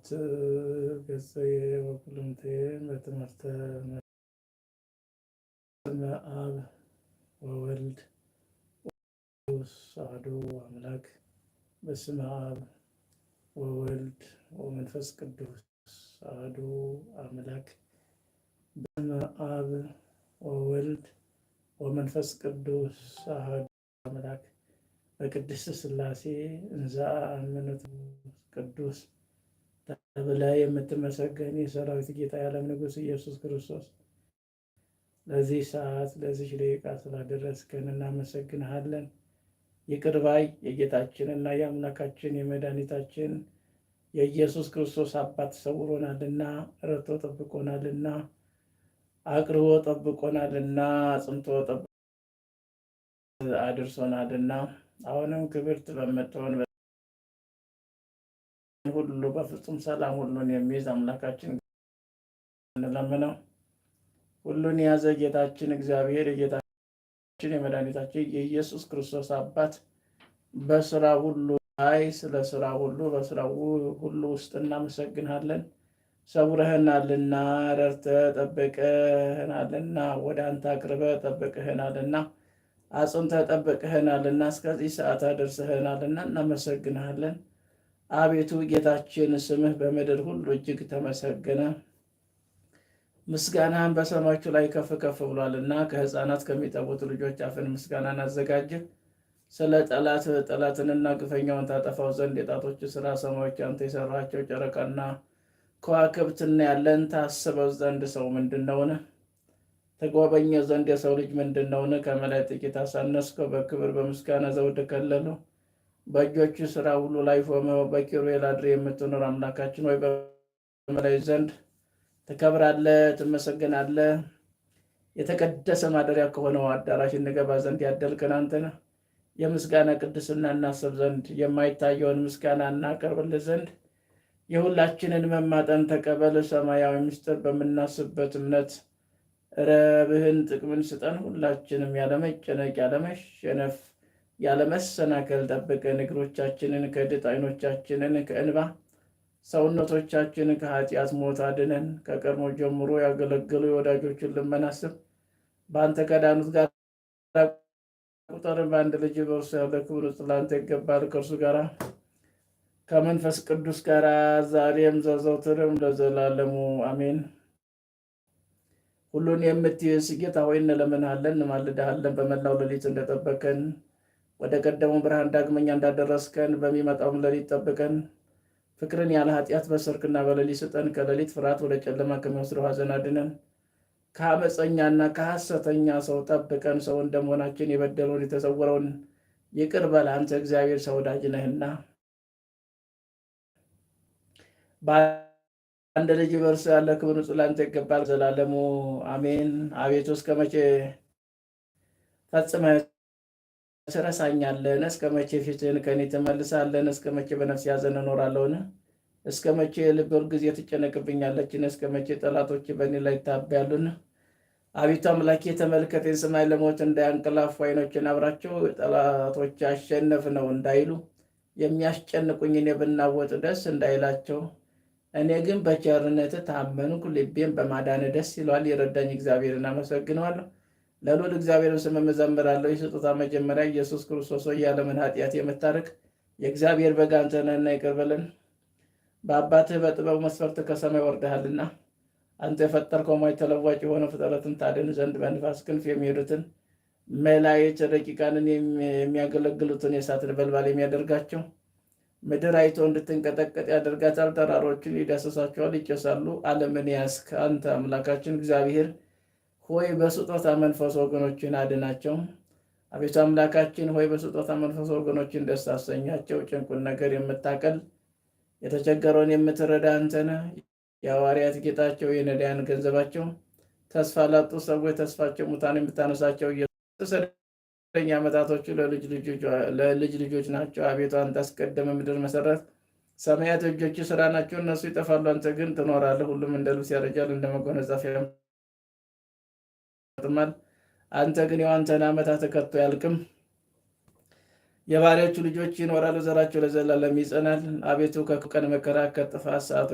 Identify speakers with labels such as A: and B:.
A: ሀት ገጸ ወኩልንቴ በትምህርተ አብ ወወልድ ስ አሐዱ አምላክ በስመ አብ ወወልድ ወመንፈስ ቅዱስ አሐዱ አምላክ በስመ አብ ወወልድ ወመንፈስ ቅዱስ አሐዱ አምላክ በቅድስት ሥላሴ እንዘ አምነቱ ላይ የምትመሰገን የሰራዊት ጌታ የዓለም ንጉሥ ኢየሱስ ክርስቶስ ለዚህ ሰዓት ለዚህ ደቂቃ ስላደረስከን እናመሰግንሃለን። ይቅርባይ ባይ የጌታችንና የአምላካችን የመድኃኒታችን የኢየሱስ ክርስቶስ አባት ሰውሮናልና ረቶ ጠብቆናልና አቅርቦ ጠብቆናልና ጽምቶ ጠብቆ አድርሶናልና አሁንም ክብር ትለመጥሆን ሁሉ በፍጹም ሰላም ሁሉን የሚይዝ አምላካችን እንለምነው። ሁሉን የያዘ ጌታችን እግዚአብሔር የጌታችን የመድኃኒታችን የኢየሱስ ክርስቶስ አባት በስራ ሁሉ አይ ስለ ስራ ሁሉ በስራ ሁሉ ውስጥ እናመሰግናለን ሰውረህናልና ረርተ ጠበቀህናልና ወደ አንተ አቅርበ ጠብቀህናልና አጽንተ ጠብቀህናልና እስከዚህ ሰዓት አደርሰህናልና እናመሰግናለን። አቤቱ ጌታችን ስምህ በምድር ሁሉ እጅግ ተመሰገነ፣ ምስጋናህን በሰማዮች ላይ ከፍ ከፍ ብሏልና። ከሕፃናት ከሚጠቡት ልጆች አፍን ምስጋናን አዘጋጀ ስለ ጠላት ጠላትንና ግፈኛውን ታጠፋው ዘንድ የጣቶች ስራ ሰማዮች አንተ የሰራቸው ጨረቃና ከዋክብትና ያለን ታስበው ዘንድ ሰው ምንድን ነውን? ተጎበኘ ዘንድ የሰው ልጅ ምንድን ነውን? ከመላይ ጥቂት አሳነስከው፣ በክብር በምስጋና ዘውድ ከለለው። በእጆች ስራ ሁሉ ላይ ሾመ። በኪሩቤል አድሬ የምትኖር አምላካችን ወይ በመላይ ዘንድ ትከብራለ፣ ትመሰገናለ። የተቀደሰ ማደሪያ ከሆነው አዳራሽ እንገባ ዘንድ ያደልከን አንተነ የምስጋና ቅድስና እናስብ ዘንድ የማይታየውን ምስጋና እናቀርብል ዘንድ የሁላችንን መማጠን ተቀበል። ሰማያዊ ምስጢር በምናስብበት እምነት ረብህን ጥቅምን ስጠን። ሁላችንም ያለመጨነቅ ያለመሸነፍ ያለመሰናከል ጠብቀን። እግሮቻችንን ከድጥ ዓይኖቻችንን ከእንባ ሰውነቶቻችን ከኃጢአት ሞት አድነን። ከቀድሞ ጀምሮ ያገለገሉ የወዳጆችን ልመናስብ በአንተ ከዳኑት ጋር ቁጠርን። በአንድ ልጅ በእርሱ ያለ ክብር ለአንተ ይገባል። ከእርሱ ጋር ከመንፈስ ቅዱስ ጋር ዛሬም ዘዘውትርም ለዘላለሙ አሜን። ሁሉን የምትይዝ ጌታ ሆይ እንለምንሃለን፣ እንማልድሃለን በመላው ሌሊት እንደጠበቀን ወደ ቀደሙ ብርሃን ዳግመኛ እንዳደረስከን በሚመጣውም ሌሊት ጠብቀን። ፍቅርን ያለ ኃጢአት በሰርክና በሌሊት ስጠን። ከሌሊት ፍርሃት ወደ ጨለማ ከሚወስደው ሐዘን አድነን። ከአመፀኛና ከሐሰተኛ ሰው ጠብቀን። ሰው እንደመሆናችን የበደለውን የተሰወረውን ይቅር በል፣ አንተ እግዚአብሔር ሰው ወዳጅ ነህና። በአንድ ልጅ በእርሱ ያለ ክብር ንጹሕ ላንተ ይገባል፣ ዘላለሙ አሜን። አቤቱ እስከ መቼ ፈጽመህ ትረሳኛለህን? እስከ መቼ ፊትህን ከኔ ትመልሳለህን? እስከ መቼ በነፍስ ያዘን እኖራለሁን? እስከ መቼ ልቤ ሁልጊዜ ትጨነቅብኛለችን? እስከ መቼ ጠላቶች በእኔ ላይ ይታበያሉን? አቤቱ አምላኬ ተመልከተኝ፣ ስማኝ፣ ለሞት እንዳያንቀላፉ አይኖችን አብራቸው። ጠላቶች አሸነፍ ነው እንዳይሉ የሚያስጨንቁኝ እኔ ብናወጥ ደስ እንዳይላቸው። እኔ ግን በቸርነት ታመንኩ፣ ልቤን በማዳን ደስ ይሏል። የረዳኝ እግዚአብሔርን አመሰግነዋለሁ። ለልዑል እግዚአብሔር ስም መዘምራለሁ። የስጦታ መጀመሪያ ኢየሱስ ክርስቶስ ሆይ የዓለምን ኃጢአት የምታርቅ የእግዚአብሔር በግ አንተ ነህና ይቅር በለን። በአባትህ በጥበብ መስፈርት ከሰማይ ወርደሃልና አንተ የፈጠርከው ማይ ተለዋጭ የሆነ ፍጥረትን ታድን ዘንድ በንፋስ ክንፍ የሚሄዱትን መላእክት ረቂቃንን የሚያገለግሉትን የእሳት ነበልባል የሚያደርጋቸው ምድር አይቶ እንድትንቀጠቀጥ ያደርጋታል። ተራሮችን ይዳሰሳቸዋል፣ ይጨሳሉ። ዓለምን ያስክ አንተ አምላካችን እግዚአብሔር ሆይ በስጦታ መንፈስ ወገኖችን አድናቸው። አቤቱ አምላካችን ሆይ በስጦታ መንፈስ ወገኖችን ደስ አሰኛቸው። ጭንቁን ነገር የምታቀል የተቸገረውን የምትረዳ አንተነ የሐዋርያት ጌጣቸው የነዳያን ገንዘባቸው ተስፋ ላጡ ሰዎች ተስፋቸው ሙታን የምታነሳቸው የተሰደኛ ዓመታቶቹ ለልጅ ልጆች ናቸው። አቤቱ አንተ አስቀደመ ምድር መሰረት ሰማያት እጆች ስራ ናቸው። እነሱ ይጠፋሉ፣ አንተ ግን ትኖራለህ። ሁሉም እንደ ልብስ ያረጃል፣ እንደ መጎናጸፊያም ይፈጽማል። አንተ ግን የዋንተን ዓመታት ተከቶ ያልቅም። የባሪያዎቹ ልጆች ይኖራሉ፣ ዘራቸው ለዘላለም ይጸናል። አቤቱ ከክፉ ቀን መከራ ከጥፋት ሰዓት